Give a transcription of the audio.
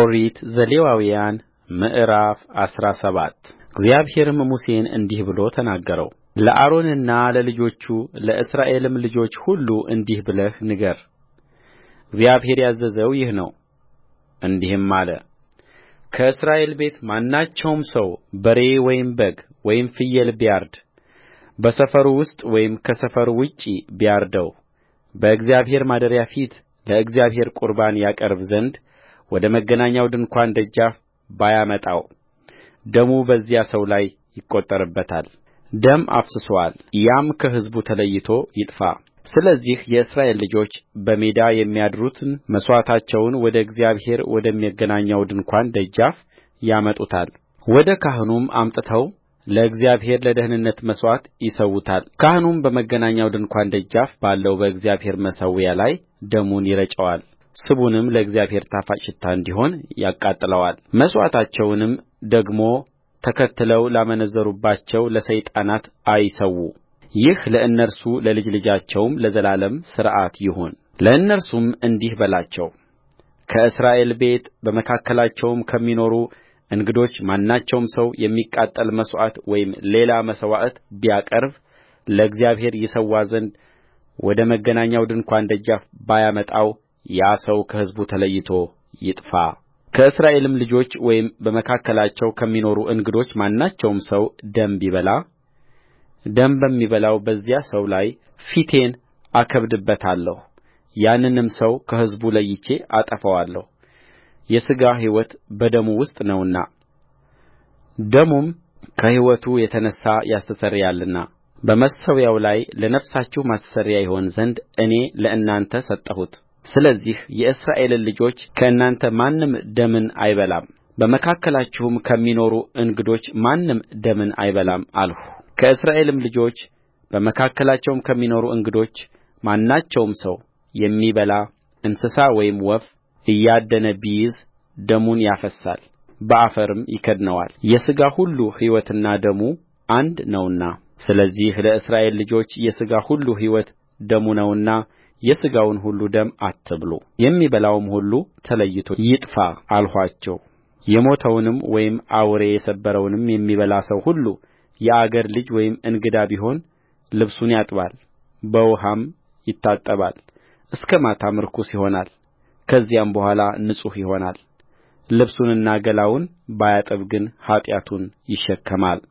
ኦሪት ዘሌዋውያን ምዕራፍ አስራ ሰባት እግዚአብሔርም ሙሴን እንዲህ ብሎ ተናገረውለአሮንና ለልጆቹ ለእስራኤልም ልጆች ሁሉ እንዲህ ብለህ ንገር እግዚአብሔር ያዘዘው ይህ ነው እንዲህም አለ ከእስራኤል ቤት ማናቸውም ሰው በሬ ወይም በግ ወይም ፍየል ቢያርድ በሰፈሩ ውስጥ ወይም ከሰፈሩ ውጭ ቢያርደው በእግዚአብሔር ማደሪያ ፊት ለእግዚአብሔር ቁርባን ያቀርብ ዘንድ ወደ መገናኛው ድንኳን ደጃፍ ባያመጣው ደሙ በዚያ ሰው ላይ ይቈጠርበታል ደም አፍስሶአል ያም ከሕዝቡ ተለይቶ ይጥፋስለዚህ የእስራኤል ልጆች በሜዳ የሚያርዱትን መሥዋዕታቸውን ወደ እግዚአብሔር ወደ መገናኛው ድንኳን ደጃፍ ያመጡታል ወደ ካህኑም አምጥተው ለእግዚአብሔር ለደኅንነት መሥዋዕት ይሠዉታልካህኑም በመገናኛው ድንኳን ደጃፍ ባለው በእግዚአብሔር መሠዊያ ላይ ደሙን ይረጨዋል ስቡንም ለእግዚአብሔር ጣፋጭ ሽታ እንዲሆን ያቃጥለዋልመሥዋዕታቸውንም ደግሞ ተከትለው ላመነዘሩባቸው ለሰይጣናት አይሠዉ ይህ ለእነርሱ ለልጅ ልጃቸው ለዘላለም ሥርዓት ይሁንለእነርሱም እንዲህ በላቸው ከእስራኤል ቤት በመካከላቸውም ከሚኖሩ እንግዶች ማናቸውም ሰው የሚቃጠል መሥዋዕት ወይም ሌላ መሥዋዕት ቢያቀርብ ለእግዚአብሔር ይሠዋ ዘንድ ወደ መገናኛው ድንኳን ደጃፍ ባያመጣው ያ ሰው ከሕዝቡ ተለይቶ ይጥፋከእስራኤልም ልጆች ወይም በመካከላቸው ከሚኖሩ እንግዶች ማናቸውም ሰው ደም ቢበላ ደም በሚበላው በዚያ ሰው ላይ ፊቴን አከብድበታለሁ ያንንም ሰው ከሕዝቡ ለይቼ አጠፋዋለሁ የሥጋ ሕይወት በደሙ ውስጥ ነውና ደሙም ከሕይወቱ የተነሣ ያስተሰርያልና በመሠዊያው ላይ ለነፍሳችሁ ማስተስረያ ይሆን ዘንድ እኔ ለእናንተ ሰጠሁት ስለዚህ የእስራኤልን ልጆች ከእናንተ ማንም ደምን አይበላም በመካከላችሁም ከሚኖሩ እንግዶች ማንም ደምን አይበላም አልሁከእስራኤልም ልጆች በመካከላቸውም ከሚኖሩ እንግዶች ማናቸውም ሰው የሚበላ እንስሳ ወይም ወፍ እያደነ ቢይዝ ደሙን ያፈስሳል በአፈርም ይከድነዋል የሥጋ ሁሉ ሕይወትና ደሙ አንድ ነውና ስለዚህ ለእስራኤል ልጆች የሥጋ ሁሉ ሕይወት ደሙ ነውና የሥጋውን ሁሉ ደም አትብሉ የሚበላውም ሁሉ ተለይቶ ይጥፋ አልኋቸውየሞተውንም ወይም አውሬ የሰበረውንም የሚበላ ሰው ሁሉ የአገር ልጅ ወይም እንግዳ ቢሆን ልብሱን ያጥባል፣ በውኃም ይታጠባል፣ እስከ ማታም ርኩስ ይሆናል። ከዚያም በኋላ ንጹሕ ይሆናል። ልብሱንና ገላውን ባያጥብ ግን ኃጢአቱን ይሸከማል።